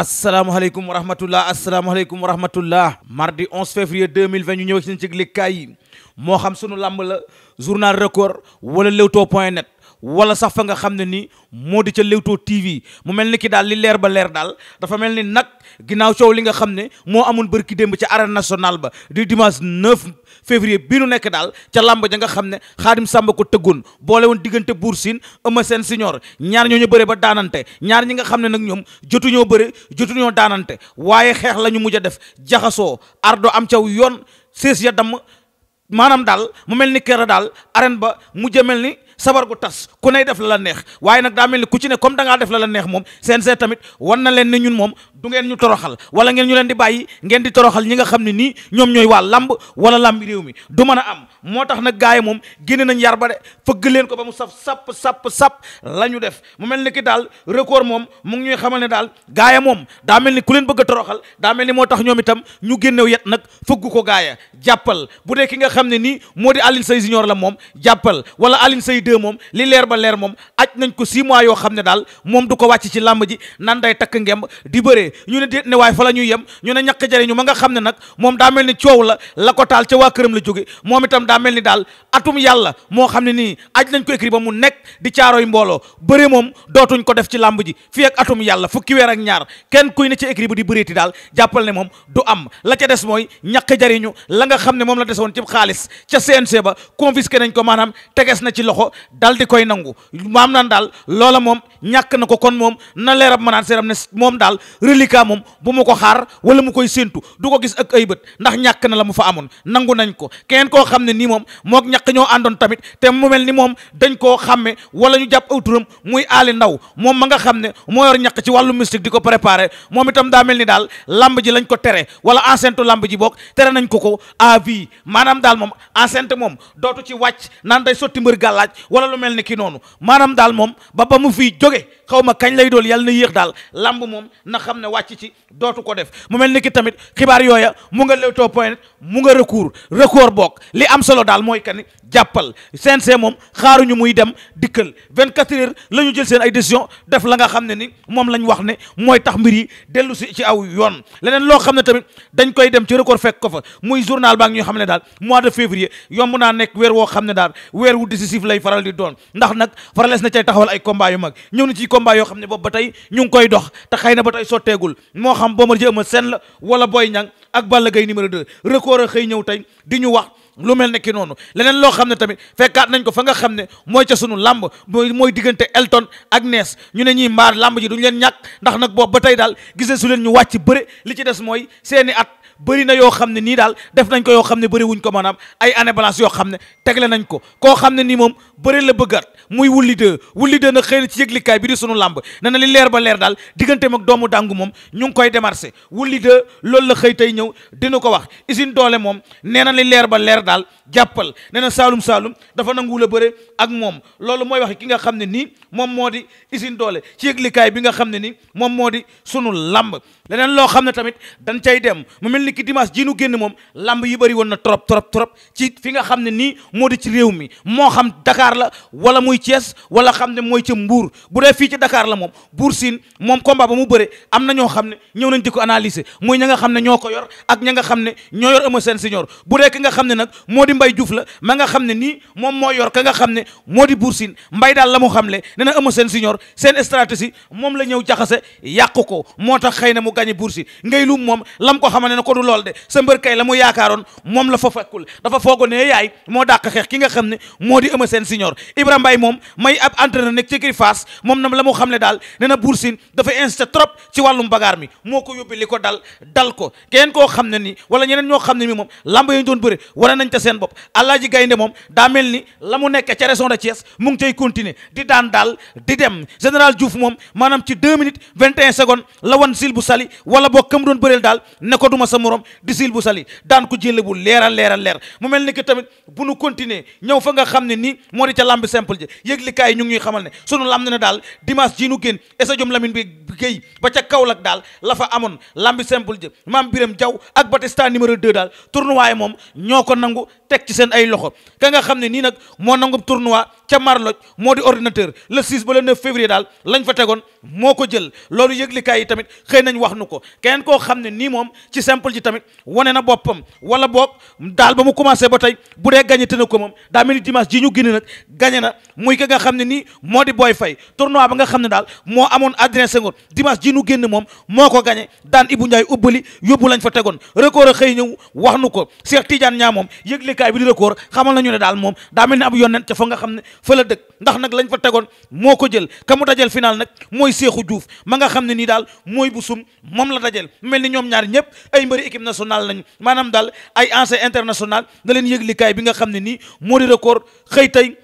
asalaamaaleykum wa rahmatullah asalaamaaleykum wa rahmatullah mardi 11 février 2020 ñu ñëw ci ci yëglekaay yi moo xam sunu làmb la journal record wala leewtoo point net wala sax fa nga xam ne nii moo di ca Leewtoo TV mu mel ni ki daal li leer ba leer daal dafa mel ni nag ginnaaw coow li nga xam ne moo amoon bërki démb ca arène national ba di dimanche 9 février bii nu nekk daal ca làmb ja nga xam ne xaadim sàmba ko tëggoon boole woon diggante buur siin ëma seen siñor ñaar ñoo ñu bëre ba daanante ñaar ñi nga xam ne nag ñoom jotuñoo bëre jotuñoo daanante waaye xeex la ñu mujj a def jaxasoo ardo am caw yoon sées ya damm maanaam daal mu mel ni kera daal arène ba mujj a mel ni sabar gu tas ku ney def la la neex waaye nag daa mel ni ku ci ne comme da def la la neex moom CNG tamit wan na leen ne ñun moom du ngeen ñu toroxal wala ngeen ñu leen di bàyyi ngeen di toroxal ñi nga xam ne nii ñoom ñooy waa lamb wala lamb réew mi du mën a am moo tax nag gaay moom génne nañ yar ba de fëgg leen ko ba mu saf sap sap sap la ñu def mu mel ni ki daal record moom mu ngi ñuy xamal ne daal gaay moom daa mel ni ku leen bëgg a toroxal daa mel ni moo tax ñoom itam ñu génnew yet nag fëgg ko gaaya jàppal bu dee ki nga xam ne nii moo di Alioune Seye Junior la moom jàppal wala Alioune Seye deux moom li leer ba leer moom aj nañ ko six mois yoo xam ne daal moom du ko wàcc ci làmb ji nan day takk ngemb di bëree ñu ne déet ne waaye fa la ñuy yem ñu ne ñàkk jariñu ma nga xam ne nag moom daa mel ni coow la la ko ca waa këram la jóge moom itam daa mel ni daal atum yàlla moo xam ne nii aj nañ ko écrit ba mu nekk di caarooy mbooloo bëree moom dootuñ ko def ci làmb ji fii atum yàlla fukki weer ak ñaar kenn kuy ne ci écrit ba di ti daal jàppal ne moom du am la ca des mooy ñàkk jariñu la nga xam ne moom la desoon ci xaalis ca CNC ba confisqué nañ ko maanaam teges na ci loxo dal di koy nangu maam naan daal loola moom ñàkk na ko kon moom na leerab manaan seeram ne moom daal reliquat moom bu mu ko xaar wala mu koy séentu du ko gis ak ay bët ndax ñàkk na la mu fa amoon nangu nañ ko keneen koo xam ne nii moom mook ñàkk ñoo àndoon tamit te mu mel ni moom dañ koo xàmme wala ñu jàpp aw turam muy aali ndaw moom ma nga xam ne moo yor ñàkk ci wàllu mystique di ko préparé moom itam daa mel ni daal lamb ji lañ ko tere wala enceinte lamb ji boog tere nañ ko ko à vie maanaam daal moom enceinte moom dootu wala lu mel ni ki noonu maanaam daal moom ba ba mu fiy jóge xaw ma kañ lay dool yàlla na yéex daal lamb moom na xam ne wàcc ci dootu ko def mu mel ni ki tamit xibaar yooya mu nga Leewtoo point mu nga recours record book li am solo daal mooy que ni jàppal CNG moom xaaruñu muy dem dikkal 24 heures la ñu jël seen ay décision def la nga xam ne ni moom lañ wax ne mooy tax mbir yi dellu si ci aw yoon leneen loo xam ne tamit dañ koy dem ci record fekk ko fa muy journal baa ngi ñuy daal mois de février yomb naa nekk weer woo xam ne daal weer wu lay faral di doon ndax nag faralees na cay taxawal ay combat yu mag ñëw na ci combat yoo xam ne boobu ba tey ñu ngi koy dox te xëy na ba tey sotteegul moo xam Bombardier Eumeu Sène la wala Boy Niang ak Balla Gaye numéro 2 record a xëy ñëw tey di ñu wax lu mel ne noonu leneen loo xam ne tamit fekkaat nañ ko fa nga xam ne mooy ca sunu làmb mooy diggante Elton ak Nees ñu ne ñii mbaar làmb ji duñu leen ñàkk ndax nag boobu ba tey daal gisee su leen ñu wàcc bëre bëri na yoo xam ne nii daal def nañ ko yoo xam ne bëri wuñ ko maanaam ay année balance yoo xam ne tegle nañ ko koo xam ne nii moom bëri la bëggat muy wulli de wulli de nag xëy na ci yëglikaay bi di sunu làmb ne na li leer ba leer daal digganteem ak doomu dàngu moom ñu ngi koy démarché wulli de loolu la xëy tey ñëw dina ko wax usine doole moom nee na li leer ba leer daal jàppal nee na saalum saalum dafa nangu la bëre ak moom loolu mooy wax ki nga xam ne nii moom moo di usine doole ci yëglikaay bi nga xam ne nii moom moo di sunu làmb leneen loo xam ne tamit dañ cay dem mu mel mel ni ki dimanche ji nu génn moom lamb yi bëri na trop trop trop ci fi nga xam ne nii moo di ci réew mi moo xam Dakar la wala mooy Thiès wala xam ne mooy ci mbuur bu dee fii ci dakaar la moom Bour Sine moom combat ba mu bëre am na ñoo xam ne ñëw nañ di ko analyser muy ña nga xam ne ñoo ko yor ak ña nga xam ne ñoo yor Eumeu Sène senior bu dee ki nga xam ne nag moo di mbay juuf la ma nga xam ne nii moom moo yor ka nga xam ne moo di Bour Sine daal la mu xamle ne na Eumeu si ñor seen stratégie moom la ñëw jaxase yàqu ko moo tax xëy na mu gàñe Bour du lool de sa mbër kay la mu yaakaaroon moom la fa fekkul dafa foogoon ne yaay moo dàq xeex ki nga xam ne moo di Eumeu Sène senior Ibrahima Mbaye moom may ab entraîneur nekk ci kii moom nam la mu xam ne daal ne na Bour Sine dafa insisté trop ci wàllum bagaar mi moo ko yóbbi li ko dal dal ko keneen koo xam ne nii wala ñeneen ñoo xam ne mi moom lamba yi ñu doon bëri wane nañ te seen bopp Alaaji Gaynde moom daa mel ni la mu nekk ca région de Thiès mu ngi tey continuer daan daal di dem général moom maanaam ci 2 minutes 21 secondes la wan sil bu sali wala boo kam doon daal morom di sil bu sali daan ko jële bu leeral leeral leer mu mel ni que tamit bu nu continuer ñëw fa nga xam ne nii moo di ca lamb simple ji yëglikaay yi ñu ngi ñuy xamal ne sunu lamb ne na daal dimanche ji nu génn stadium Lamine bi Guèye ba ca Kaolack daal la fa amoon lamb simple ji maam Biram Jaw ak Batista numéro 2 daal tournoi moom ñoo ko nangu teg ci seen ay loxo ka nga xam ne nii nag moo nangu tournoi ca Marloj moo di ordinateur le 6 ba le 9 février daal lañ fa tegoon moo yi tamit xëy nañ wax ji tamit wane na boppam wala boog daal ba mu commencé ba tey bu dee gagné te na ko moom daa mel ni dimanche ji ñu génne nag gagné mooy muy ka nga xam ne nii moo di Boy Faye tournoi ba nga xam ne daal moo amoon Adrien Senghor dimanche ji ñu génn moom moo ko gagné daan Ibou Ndiaye ubbali yóbbu lañ fa tegoon record xëy ñëw wax nu ko Cheikh Tidiane ñaa moom yëglekaay bi di record xamal nañu ne daal moom daa mel ni ab yonent ca fa nga xam ne fa la dëkk ndax nag lañ fa tegoon moo ko jël ka mu dajal final nag mooy Cheikhou Diouf ma nga xam ne nii daal mooy bu sum moom la dajal mel ni ñoom ñaar ñëpp ay mbëri équipe nationale nañ maanaam daal ay ancien international na leen yëglikaay bi nga xam ne nii moo di record xëy tey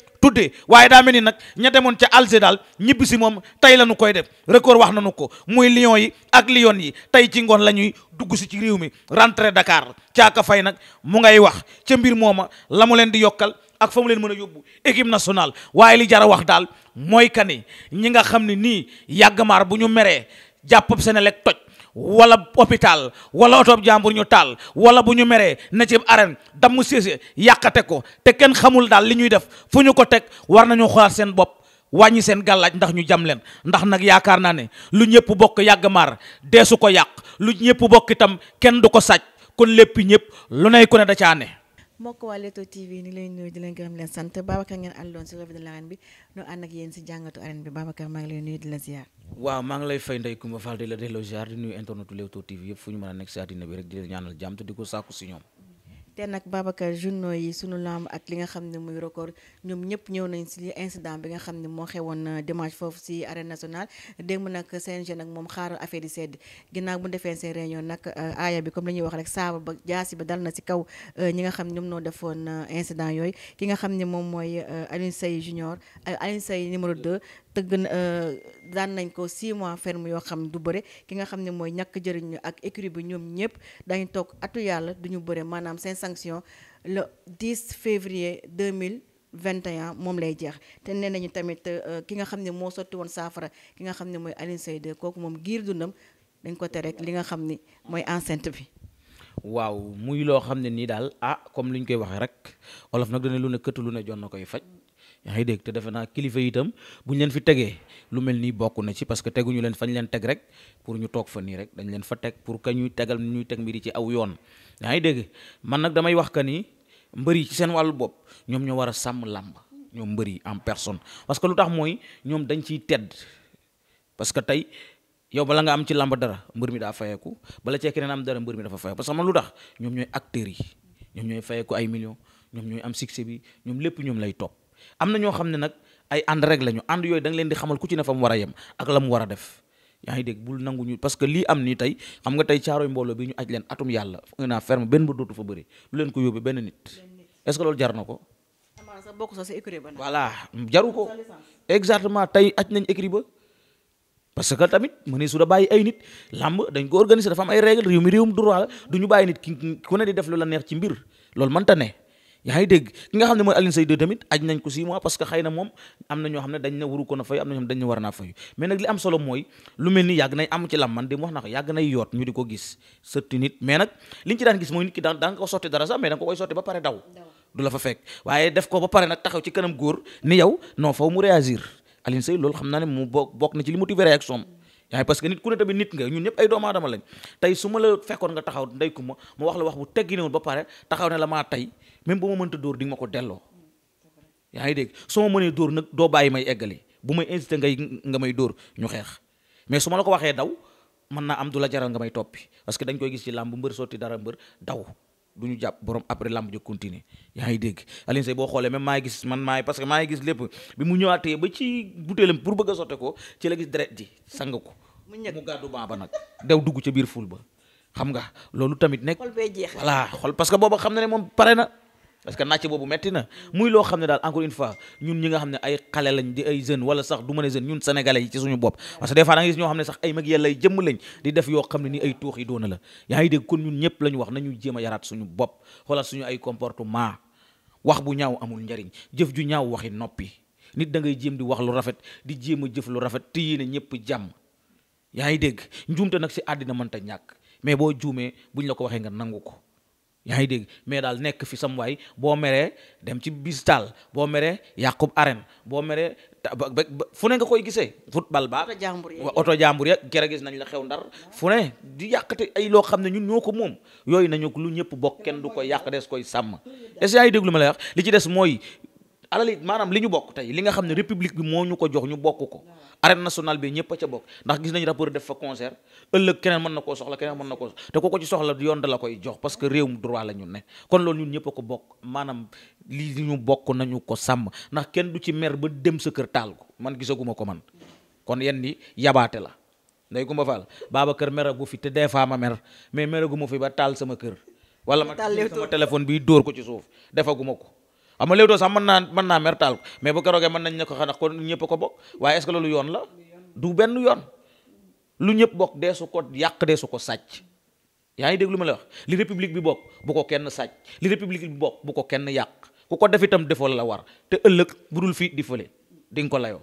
waaye daa mel ni nag ña demoon ca Alger daal ñibbi si moom tey la koy def record wax nañu ko muy Lions yi ak Lions yi tey ci ngoon la ñuy dugg si ci réew mi rentrée Dakar caaka fay nag mu ngay wax ca mbir mooma la mu leen di yokkal ak fa mu leen mën a yóbbu équipe nationale waaye li jara wax daal mooy kani ñi nga xam ne nii yàgg maar bu ñu wala hôpital wala otob jàmbur ñu tàll wala bu ñu meree na ci arène damm séese yàqate ko te kenn xamul daal li ñuy def fu ñu ko teg war nañu xoolaat seen bopp wàññi seen gàllaaj ndax ñu jam leen ndax nag yaakaar naa ne lu ñëpp bokk yàgg maar deesu ko yàq lu ñëpp bokk itam kenn du ko sàcc kon lépp ñëpp lu nay ku ne da caa ne mbokk waa Leewtoo TV ni leen nuyu di gërëm leen sant Babacar ngeen àndoon si revue de l'arène bi nu ànd ak yéen si jàngatu arène bi Babacar maa ngi lay nuyu la ziar waaw maa ngi lay fay Ndeye Coumba Fall di delloo ziar di nuyu internetu Leewtoo TV yëpp fu ñu mën a nekk si àddina bi rek di leen ñaanal jàmm te di ko sàkku si ñoom te nag Babacar journaux yi suñu lamb ak li nga xam ne muy record ñoom ñëpp ñëw nañ si incident bi nga xam ne moo xewoon euh, dimanche foofu si arène nationale démb nag CNG nag moom xaaral affaire yi sedd ginnaaw bu defee seen réunion nag euh, aaya bi comme la ñuy wax rek saaba ba jaasi ba dal na si kaw euh, ñi nga xam ñoom noo defoon incident yooyu ki nga xam ne moom mooy Alioune Seye junior Alioune Seye numéro 2 tëgg na euh, daan nañ ko 6 mois ferme yoo xam du bëre ki nga xam ne mooy ñàkk jëriñu ak écurie bi ñoom ñëpp dañu toog atu yàlla duñu bëre maanaam seen sanction le 10 février 2000. 21 moom lay jeex te nee nañu tamit euh, ki nga xam ne moo sotti woon saafara ki nga xam ne mooy Alioune Seye kooku moom giir dundam dañ ko tere rek li nga xam ni mooy enceinte bi. waaw muy loo xam ne nii daal ah comme li ñu koy waxee rek olof nag dana lu ne këtt lu ne jon na koy faj. yaa ngi dégg te defe naa kilifa itam bu ñu leen fi tegee lu mel nii bokk na ci parce que teguñu leen fañ leen teg rek pour ñu toog fa nii rek dañ leen fa teg pour que ñuy tegal ñuy teg mbir yi ci aw yoon yaa ngi dégg man nag damay wax que ni mbër yi ci seen wàllu bopp ñoom ñoo war a sàmm làmb ñoom mbër yi en personne parce que lu tax mooy ñoom dañ ciy tedd parce que tey yow bala nga am ci làmb dara mbër mi daa fayeku bala cee keneen am dara mbër mi dafa fayeku parce que man lu tax ñoom yi ñoom ñooy fayeku ay ñoom ñooy am succès bi ñoom lépp ñoom lay topp am na ñoo xam ne nag ay ànd rek lañu ànd yooyu da nga leen di xamal ku ci ne fa mu war a yem ak la mu war a def yaa ngi dégg bul nangu ñu parce que lii am nii tey xam nga tey caaroy mbooloo bi ñu aj leen atum yàlla un an ferme benn ba dootu fa bëri lu leen ko yóbbee benn nit est-ce que loolu jar na ko voilà exactement tey aj nañ écrit ba parce que tamit mënee su da bàyyi ay nit làmb dañ ko organiser dafa am ay règle réew mi réewum droit la du ñu bàyyi nit ki ku ne di def lu la neex ci mbir loolu mënta ne yaa ngi dégg ki nga xam ne mooy Alioune Seye tamit aj nañ ko 6 mois parce que xëy na moom am na ñoo xam ne dañ ne waru ko na fay am na ñoo xam ne dañ ne war naa fayu na ko yàgg ko gis sëtti nit mais daan gis mooy nit ki daan daan nga ko sotti dara sax mais da nga ko koy sotti ba yow non faw mu réagir Alioune loolu xam naa ne mu bokk bokk na ci li motiver réaction am yaa parce que nit ku ne tamit nit nga ñun ñëpp ay doomu aadama lañ tey su ma la fekkoon nga taxaw ndey ku ma ma wax la wax bu tegginewul ba pare taxaw ne la maa tey même bu ma mënta dóor di ma ko delloo yaa ngi dégg soo ma mënee dóor nag doo bàyyi may eggali bu may incité nga may dóor ñu xeex mais su ma la ko waxee daw man naa am du la jaral nga may toppi parce que dañ koy gis ci làmb mbër sotti dara mbër daw du ñu jàpp borom après làmb ji continuer yaa ngi dégg boo xoolee même maay gis man maay parce que maay gis lépp bi mu ñëwaatee ba ci butéelam pour bëgg a sotte ko ci la gis deret ko mu gàddu baa ba nag dew dugg ca biir ful ba xam nga booba xam ne moom pare na parce que nàcc boobu metti na muy loo xam ne daal encore une fois ñun ñi nga xam ne ay xale lañ di ay jeunes wala sax du mën a jeune ñun sénégalais yi ci suñu bopp parce que des fois da nga gis di def yoo xam ne ni ay tuux yi doona la yaa ngi dégg kon ñun ñëpp la ñu wax nañu jéem a yaraat suñu bopp xoolal suñu ay comportement wax bu ñaaw amul njariñ jëf ju ñaaw waxi noppi nit da ngay jéem di wax lu rafet di jéem a jëf lu rafet te yéene ñëpp jàmm yaa ngi dégg njuumte nag si àddina mënta ñàkk mais boo juumee buñ la ko waxee nga nangu ko yaa ngi dégg mais daal nekk fi sam waay boo meree dem ci bis taal boo meree yàqub arène boo meree fu ne nga koy gisee football ba oto jàmbur ya kere gis nañ la xew ndar fu ne di yàqate ay loo xam ne ñun ñoo ko moom yooyu nañu lu ñëpp bokk kenn du koy yàq des koy sàmm est-ce dégg lu ma lay wax li ci des mooy alal it maanaam li ñu bokk tey li nga xam ne république bi moo ñu ko jox ñu bokk ko arène nationale bi ñëpp a ca bokk ndax gis nañ rapport def fa concert ëllëg keneen mën na koo soxla keneen mën na koo soxla te ko ko ci soxla yoon da la koy jox parce que réewum la ñu ne kon loolu ñun ñëpp a ko bokk maanaam lii li ñu bokk nañu ko sàmm ndax kenn du ci mer ba dem sa kër taal ko man gisaguma ko man kon yenn ni yabaate la nday Kumba Fall Babacar meragu fi te des fois ma mer mais meragu fi ba taal sama kër wala ma sama téléphone bi dóor ko ci defaguma ko xam nga Leewtoo sax mën naa mën naa mertaal taal ko mais bu keroogee mën nañ ne ko xanaa kon ñëpp ko bokk waaye est-ce yoon la du benn yoon lu ñëpp bokk dee su ko yàq dee su ko sàcc yaa ngi déglu ma la wax li république bi bokk bu ko kenn sàcc li république bi bokk bu ko kenn yàq ku ko def itam defoo la war te ëllëg bu dul fii di fële di nga ko layoo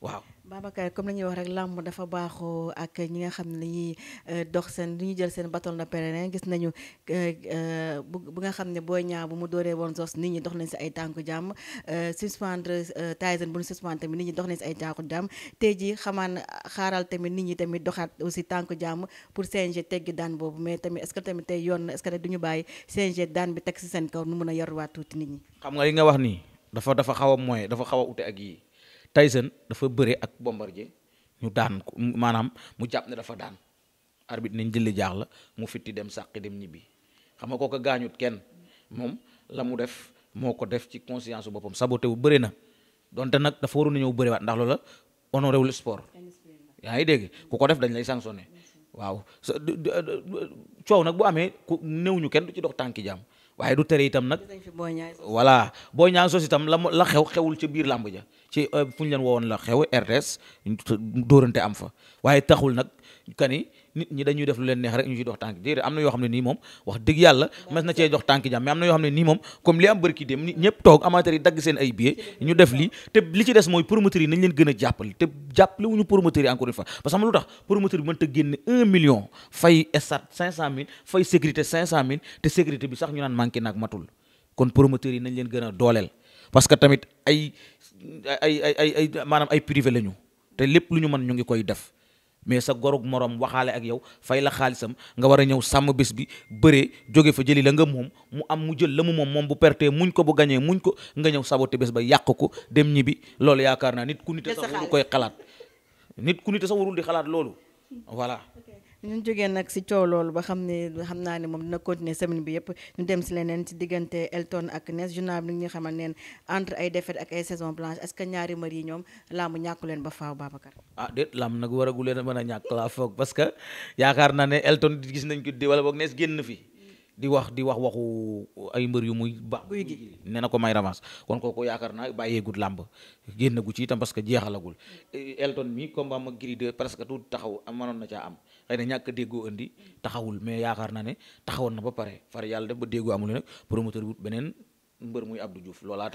waaw Babacar comme la ñuy wax rek làmb dafa baaxoo ak ñi nga xam ne dañuy euh, dox seen lu ñu jël seen bâton de pèlerin gis nañu euh, euh, bu bu nga xam ne booy ñaaw bu mu dooree woon sos nit ñi dox nañ si ay tànku jàmm suspendre Tyson bu ñu suspendre tamit nit ñi dox nañ si ay tànku jàmm tey jii xamaan xaaral tamit nit ñi tamit doxaat aussi tànku jàmm pour CNG teggi daan boobu mais tamit est-ce tamit tey yoon est duñu bàyyi CNG daan bi teg si seen kaw nu mun a yaruwaat tuuti nit ñi. xam nga li nga wax nii dafa dafa xaw a mooy dafa xaw a ute Tyson dafa bëre ak Bombardier ñu daan maanaam mu jàpp ne dafa daan arbitre nañ jëli jaax la mu fitti dem sàqi dem ñibbi xam nga kooku gaañut kenn moom la mu def moo ko def ci conscience su boppam saboté wu bëri na donte nag dafa waroon a ñëw bëriwaat ndax loola honoré wul sport yaa ngi dégg ku ko def dañ lay sanctionné waaw coow nag bu amee ku néew ñu kenn du ci dox tànki jaam waaye du tere itam nag voilà Boy Niang sos itam la la xew xewul ca biir làmb ja ci euh, fu ñu leen woon la xew RTS dóorante am fa waaye taxul nag kani nit ñi dañuy def lu leen neex rek ñu ci dox tànk déedéet am na yoo xam ne nii moom wax dëgg yàlla mas na cee jox tànk jàmm mais am na yoo xam ne nii moom comme li am bërki dem ñëpp toog amateurs yi dagg seen ay billets ñu def lii te li ci des mooy promoteurs yi nañ leen gën a jàppale te jàppale wuñu promoteurs yi encore une fois parce que xam lu tax promoteur bi mënta génne 1 million fay estat 500000 fay sécurité 500000 te sécurité bi sax ñu naan manqué nag matul kon promoteurs yi nañ leen gën a dooleel parce que tamit ay ay ay ay ay maanaam ay privé la ñu te lépp lu ñu mën ñu ngi koy def mais sa gorog moroom waxaale ak yow fay la xaalisam nga war a ñëw sàmm bés bi bëree jóge fa jëli la nga moom mu am mu jël la mu moom moom bu pertee muñ ko bu gañee muñ ko nga ñëw saboté bés ba yàq ko dem ñibbi loolu yaakaar naa nit ku nite sax warul koy xalaat nit ku nite sa warul di xalaat loolu voilà ñu jógee nag si coow loolu ba xam ne xam naa ne moom dina continuer semaine bi yëpp ñu dem si leneen si diggante Elton ak Nes journal bi ñu neen entre ay défaite ak ay saison blanche est-ce ñaari mbër yi ñoom laamu ñàkku leen ba faaw Babacar ah déet laam nag waragu leen a ñàkk laa foog parce que yaakaar naa ne Elton gis nañ ko di wala boog Nes génn fi di wax di wax waxu ay mbër yu muy baax guy gi nee na ko may revanche kon kooku yaakaar naa bàyyeegut làmb génn gu ci itam parce que jeexalagul Elton mi combat ma gri de presque tout taxaw am mënoon na caa am xëy na ñàkk déggoo indi taxawul mais yaakaar naa ne taxawoon na ba pare far yàlla def ba déggoo amul nag promoteur wut beneen mbër muy Abdou Diouf xalaat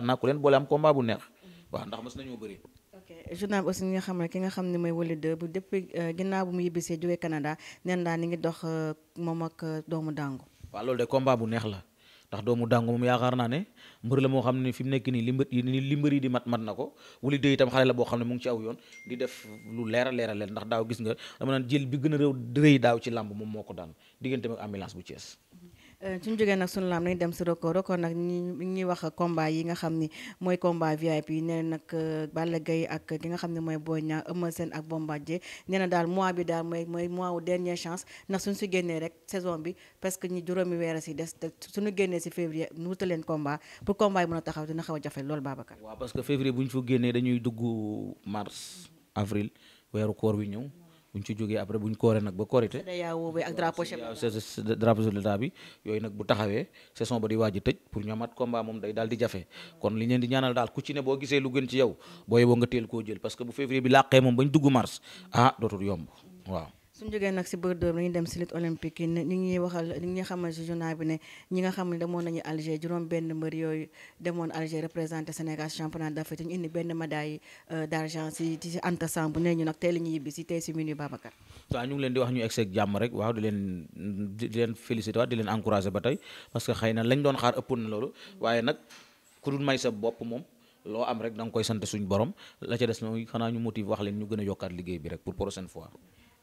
naa ku leen boole am combat bu neex waaw ndax mas nañoo bëri journal bi ki nga xam ne mooy Wally 2 bu depuis euh, ginnaaw bu mu yibbisee jógee Canada neen daal ni ngi dox euh, moom ak euh, doomu dàngu waaw loolu de combat bu neex la ndax doomu dàngu moom yaakaar naa ne mbër la moo xam ne fi mu nekk nii li mbër li mbër yi di mat mat na ko wuli dee itam xale la boo xam ne mu ngi ci aw yoon di def lu leer a leer a leer ndax daaw gis nga dama naan jël bi gën a réew rëy daaw ci làmb moom moo ko daan diggante ak ambulance bu Thiès Euh, suñu jógee nag sunu laam nañ dem si record record nag ñi ñuy wax combat yi nga xam ni mooy combat VIP yi nee na nag euh, Balla Gaye ak ki nga xam ne mooy booy Niang Eumeu Sène ak Bombardier nee na daal mois bi daal mooy mooy mois wu dernière chance ndax suñ si génnee rek saison bi parce que ñi juróomi weer a si des te suñu génnee si février ñu wutal leen combat pour combat yi a taxaw dina xaw a jafe loolu Babacar waaw parce que février bu ñu fa génnee dañuy dugg mars avril weeru koor bi ñëw buñ ci jógee après buñ kooree nag ba korite ak drapeau chef d'état bi yooyu nag bu taxawee saison ba di waaj a tëj pour ñoomaat combat moom day daal di jafe kon li leen di ñaanal daal ku ci ne boo gisee lu gën ci yow booye boo nga teel koo jël parce que bu février bi làqee moom bañ dugg mars ah dootul yomb waaw su jógee nag si bër dóor dañuy dem si lutte olympique yi ni ñuy waxal ni ñuy xamal si journal bi ne ñi nga xam ne demoon nañu Alger juróom benn mbër yooyu demoon Alger représenté Sénégal championnat d'Afrique ñu indi benn médaille euh, d'argent si ci Anta Samb nee ñu nag tey la ñu yibbi si tey si minuit Babacar waaw ñu ngi leen di wax ñu egg jàmm rek waaw di leen di leen félicité di leen encouragé ba tey parce que xëy na lañ doon xaar ëppoon na loolu waaye nag ku dul may bopp moom loo am rek koy sant suñu borom la ca wax leen ñu gën a yokkaat liggéey bi rek pour prochaine fois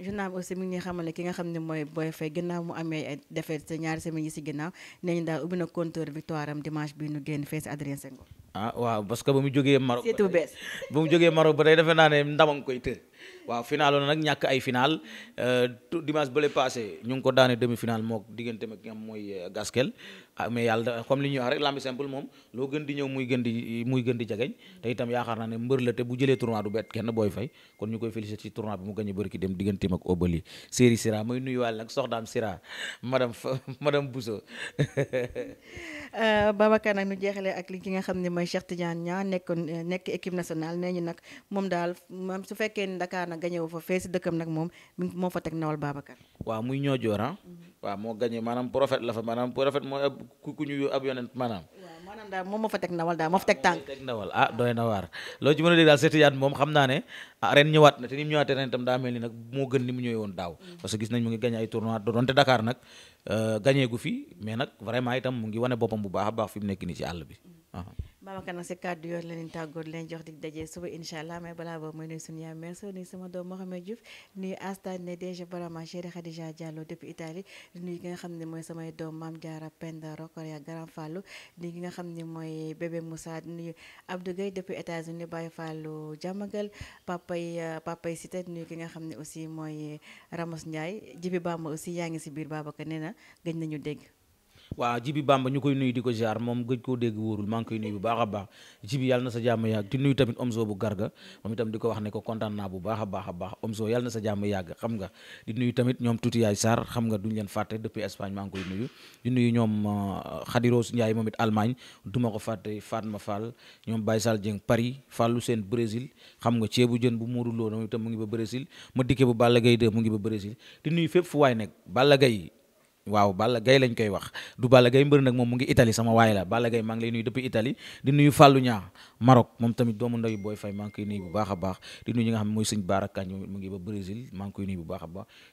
journal bi aussi mi ngi xamale ki nga xam ne mooy Boy Faye ginnaaw mu amee défaite ñaari semaines yi si ginnaaw nee nañu daal ubbi na compteur victoire am dimanche bi ñu génn fees Adrien Senghor. ah waaw parce que ba mu jogee Maroc. surtout bees ba mu jógee Maroc ba tey defe naa ne ndamam koy të. waaw final na nag ñàkk ay final euh, dimanche bële passé ñu ngi ko daane demi final mook diggante ak nga mooy euh, ah, ne mbër la bu jëlee tournoi du bett kenn booy fay kon ñu koy féliciter a bëri ki dem digganteem ak Obali Séri Sira muy nuyuwaale nag soxnaam Sira euh, ne mooy moom daal su fekkee ni yaakaar na gañewu fa fee si dëkkam nag moom mi moo fa teg nawal Babacar ah. mm-hmm. moo la fa maanaam prophète mooy ab ku ñu ab yonent maanaam waaw maanaam daal moom moo fa teg nawal daal moo fa teg tànk ah, a dégg daal seeti yaat moom xam naa ne ah, ren ñëwaat na te ni mu ñëwaatee ren itam daa mel ni nag moo gën ni mu ñëwee woon daaw mm-hmm. parce que gis nañ mu ngi gañe ay tournoi doonte Dakar nag euh, gañee gu fi mais nag vraiment itam mu ngi wane boppam bu baax a baax fi mu nekk nii ci àll bi mm-hmm. Babacar nag si kàddu yoon la leen tàggoo leen jox di daje suba incha allah mais balaa boobu mooy nuyu suñu yaay merci nuyu sama doom Mohamed Diouf nuyu Asta ne DG Barama Chéri Khadija Diallo depuis Italie nuyu ki nga xam ne mooy samay doom Mame Diarra Penda Rokhaya Garam Fallou nuyu ki nga xam ne mooy bébé Moussa nuyu Abdou Gueye depuis États-Unis Baye Fallou Diamagal papay euh, papay Cité ki nga xam ne aussi mooy Ramos Ndiaye Djibi Bamba aussi yaa ngi si biir Babacar nee na gëj nañu dégg. waaw jibi bamba ñu koy nuyu di ko ziar moom gëj koo dégg wóorul maa ngi koy nuyu bu baax a baax jibi yàlla na sa jàmm yàgg di nuyu tamit omso wax ne ko kontaan bu baax a baax a baax omso yàlla na sa xam nga di tamit ñoom tuuti yaay sarr xam nga duñ leen fàtte depuis Espagne maa ngi koy nuyu di nuyu ñoom xadiroos euh, Ndiaye moom it Allemagne duma ko fàtte ma Fall ñoom Baye Sall Dieng Paris Fallou seen Brésil xam nga ceebu jën bu muuruloo moom itam mu ngi ba Brésil ma dikkee bu Balla Gaye de mu ngi ba Brésil di nuyu fépp fu waay nekk Balla Gaye waaw Balla Gaye lañ koy wax du Balla Gaye mbër nag moom mu ngi Italie sama waay la Balla Gaye maa ngi lay nuyu di nuyu Fallou Niang moom tamit doomu ndeyu Boy Faye maa ngi koy nuyu bu baax a baax di nuyu ñi nga xam a baax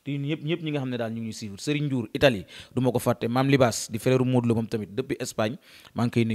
di nuyu ñëpp ñëpp ne daal ñu ngi suivre Serigne Ndiour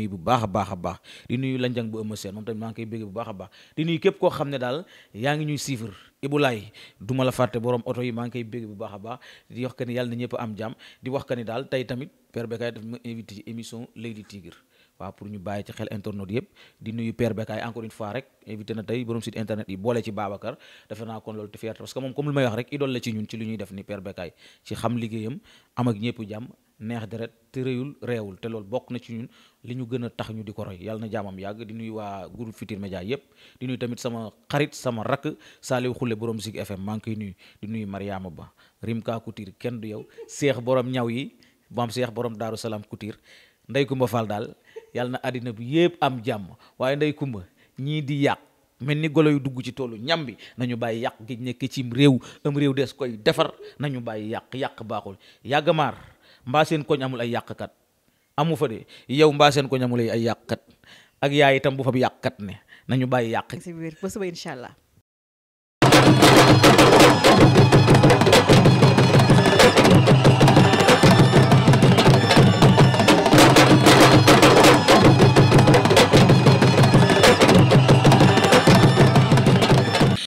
bu baax a a baax di nuyu Lanjang bu Eumeu Sène moom tamit maa koy bégg bu baax a baax di nuyu képp koo xam ne daal yaa ngi ñuy suivre Ibulaay du ma la fàtte borom oto yi maa ngi koy bégg bu baax a baax di wax que ni yàlla na ñëpp am jàmm di wax que ni daal tey tamit Père Bécaye daf ma invité ci émission L'Oeil du Tigre waaw pour ñu bàyyi ci xel internet yëpp di nuyu Père Bécaye encore une fois rek invité na tey borom site internet yi boole ci Babacar defe naa kon loolu te fierté parce que moom comme lu may wax rek idole la ci ñun ci lu ñuy def ni Père Bécaye ci xam liggéeyam am ak ñëpp jàmm neex deret te réyul reewul te loolu bokk na ci ñun li ñu gën a tax ñu di ko roy yàlla na jaamam yàgg di nuy waa groupe Futurs Médias yëpp di nuy tamit sama xarit sama rakk Saliou xule borom Zik FM maa ngi koy nuyu di nuyu Mariama Ba Rimka Couture kenn du yow Seex borom ñaw yi maam Seex borom Daaru Salaam Couture Ndey Kumba Fall daal yàlla na àddina bi yëpp am jàmm waaye Ndey Kumba ñii di yàq mel ni golo yu dugg ci toolu ñam bi nañu bàyyi yàq gi nekk ci réew am réew des koy defar nañu bàyyi yàq yàq baaxul yàgg maar mbaa seen koñ amul ay yàqkat amu fa de yow mbaseen seen koñ amul ay yàqkat ak yaay itam bu fa bi yàqkat ne nañu bàyyi yàq. si biir allah.